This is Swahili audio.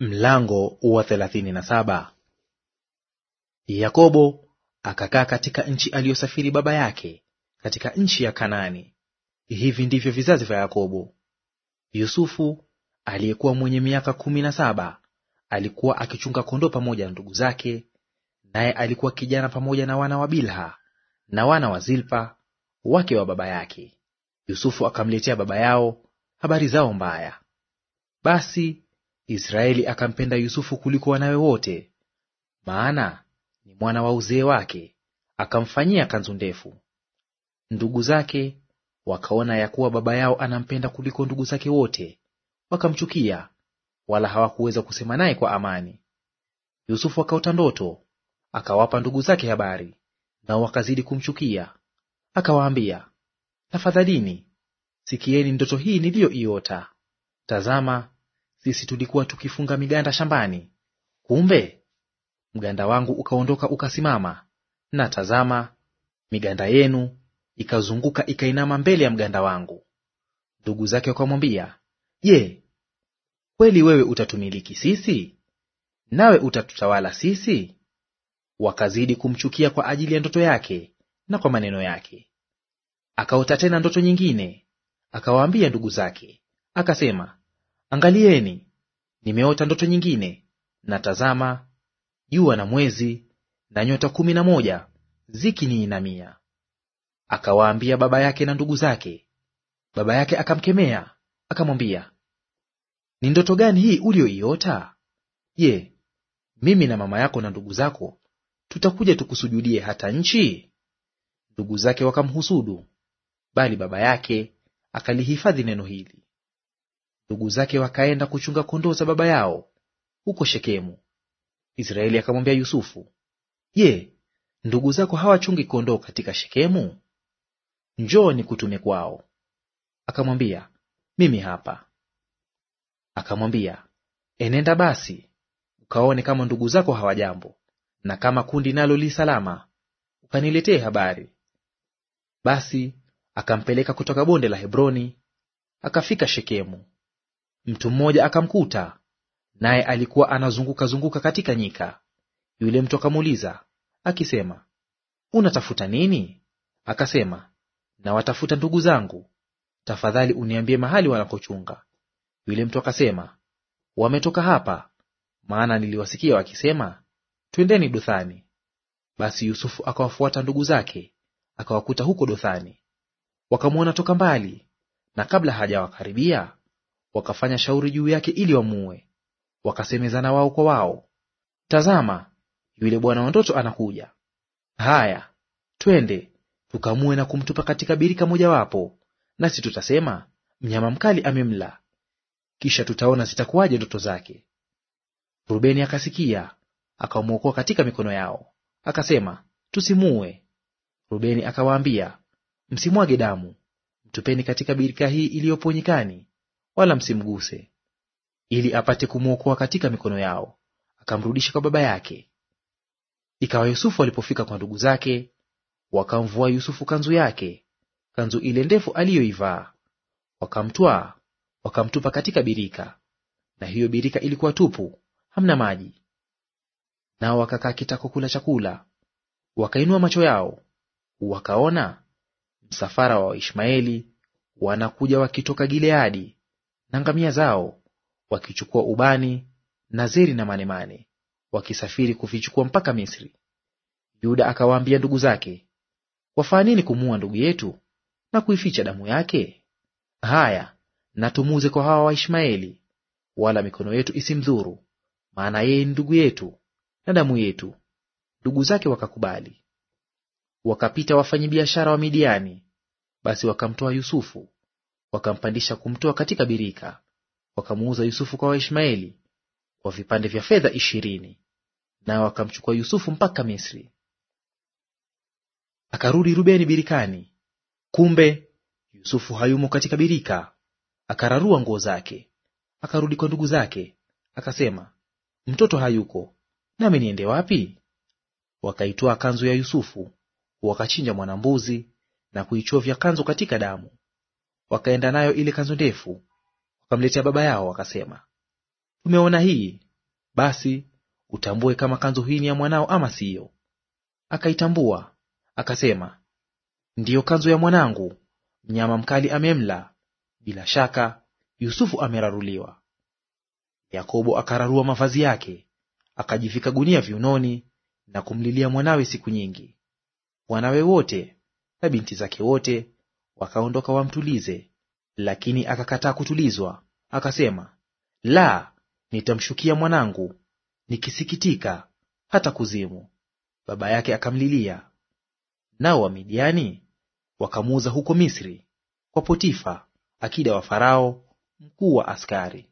Mlango wa thelathini na saba. Yakobo akakaa katika nchi aliyosafiri baba yake katika nchi ya Kanaani. Hivi ndivyo vizazi vya Yakobo. Yusufu aliyekuwa mwenye miaka kumi na saba alikuwa akichunga kondoo pamoja na ndugu zake, naye alikuwa kijana pamoja na wana wa Bilha na wana wa Zilpa wake wa baba yake. Yusufu akamletea baba yao habari zao mbaya. Basi Israeli akampenda Yusufu kuliko wanawe wote, maana ni mwana wa uzee wake, akamfanyia kanzu ndefu. Ndugu zake wakaona ya kuwa baba yao anampenda kuliko ndugu zake wote, wakamchukia, wala hawakuweza kusema naye kwa amani. Yusufu akaota ndoto, akawapa ndugu zake habari, nao wakazidi kumchukia. Akawaambia, tafadhalini sikieni ndoto hii niliyoiota. Tazama, sisi tulikuwa tukifunga miganda shambani, kumbe mganda wangu ukaondoka ukasimama, na tazama, miganda yenu ikazunguka ikainama mbele ya mganda wangu. Ndugu zake wakamwambia, Je, kweli wewe utatumiliki sisi? Nawe utatutawala sisi? Wakazidi kumchukia kwa ajili ya ndoto yake na kwa maneno yake. Akaota tena ndoto nyingine, akawaambia ndugu zake, akasema, Angalieni, nimeota ndoto nyingine, na tazama, jua na mwezi na nyota kumi na moja zikiniinamia. Akawaambia baba yake na ndugu zake. Baba yake akamkemea akamwambia, ni ndoto gani hii uliyoiota? Je, mimi na mama yako na ndugu zako tutakuja tukusujudie hata nchi? Ndugu zake wakamhusudu, bali baba yake akalihifadhi neno hili ndugu zake wakaenda kuchunga kondoo za baba yao huko Shekemu. Israeli akamwambia Yusufu, Je, ndugu zako hawachungi kondoo katika Shekemu? Njoo kutume kwao. Akamwambia, mimi hapa. Akamwambia, enenda basi ukaone kama ndugu zako hawajambo, na kama kundi nalo li salama, ukaniletee habari. Basi akampeleka kutoka bonde la Hebroni akafika Shekemu mtu mmoja akamkuta, naye alikuwa anazunguka zunguka katika nyika. Yule mtu akamuuliza akisema, unatafuta nini? Akasema, nawatafuta ndugu zangu, tafadhali uniambie mahali wanakochunga. Yule mtu akasema, wametoka hapa, maana niliwasikia wakisema, twendeni Dothani. Basi Yusufu akawafuata ndugu zake, akawakuta huko Dothani. Wakamwona toka mbali, na kabla hajawakaribia wakafanya shauri juu yake ili wamuue. Wakasemezana wao kwa wao, tazama, yule bwana wa ndoto anakuja. Haya, twende tukamue na kumtupa katika birika mojawapo, nasi tutasema mnyama mkali amemla, kisha tutaona zitakuwaje ndoto zake. Rubeni akasikia akamwokoa katika mikono yao, akasema tusimue. Rubeni akawaambia, msimwage damu, mtupeni katika birika hii iliyoponyikani nyikani, wala msimguse, ili apate kumwokoa katika mikono yao, akamrudisha kwa baba yake. Ikawa Yusufu alipofika kwa ndugu zake, wakamvua Yusufu kanzu yake, kanzu ile ndefu aliyoivaa, wakamtwaa wakamtupa katika birika, na hiyo birika ilikuwa tupu, hamna maji. Nao wakakaa kitako kula chakula, wakainua macho yao, wakaona msafara wa Waishmaeli wanakuja wakitoka Gileadi, na ngamia zao, wakichukua ubani na zeri na manemane, wakisafiri kuvichukua mpaka Misri. Yuda akawaambia ndugu zake, wafaa nini kumuua ndugu yetu na kuificha damu yake? Haya, natumuuze kwa hawa Waishmaeli, wala mikono yetu isimdhuru, maana yeye ni ndugu yetu na damu yetu. Ndugu zake wakakubali. Wakapita biashara wa Midiani, basi wakamtoa Yusufu wakampandisha kumtoa katika birika, wakamuuza Yusufu kwa Waishmaeli kwa vipande vya fedha ishirini. Nao wakamchukua Yusufu mpaka Misri. Akarudi Rubeni birikani, kumbe Yusufu hayumo katika birika. Akararua nguo zake, akarudi kwa ndugu zake, akasema, mtoto hayuko, nami niende wapi? wakaitoa kanzu ya Yusufu, wakachinja mwanambuzi na kuichovya kanzu katika damu. Wakaenda nayo ile kanzu ndefu, wakamletea baba yao, wakasema, tumeona hii, basi utambue kama kanzu hii ni ya mwanao ama siyo. Akaitambua akasema, ndiyo kanzu ya mwanangu, mnyama mkali amemla, bila shaka Yusufu ameraruliwa. Yakobo akararua mavazi yake, akajivika gunia viunoni na kumlilia mwanawe siku nyingi. Wanawe wote na binti zake wote Wakaondoka wamtulize, lakini akakataa kutulizwa, akasema, la, nitamshukia mwanangu nikisikitika hata kuzimu. Baba yake akamlilia. Nao Wamidiani wakamuuza huko Misri kwa Potifa, akida wa Farao, mkuu wa askari.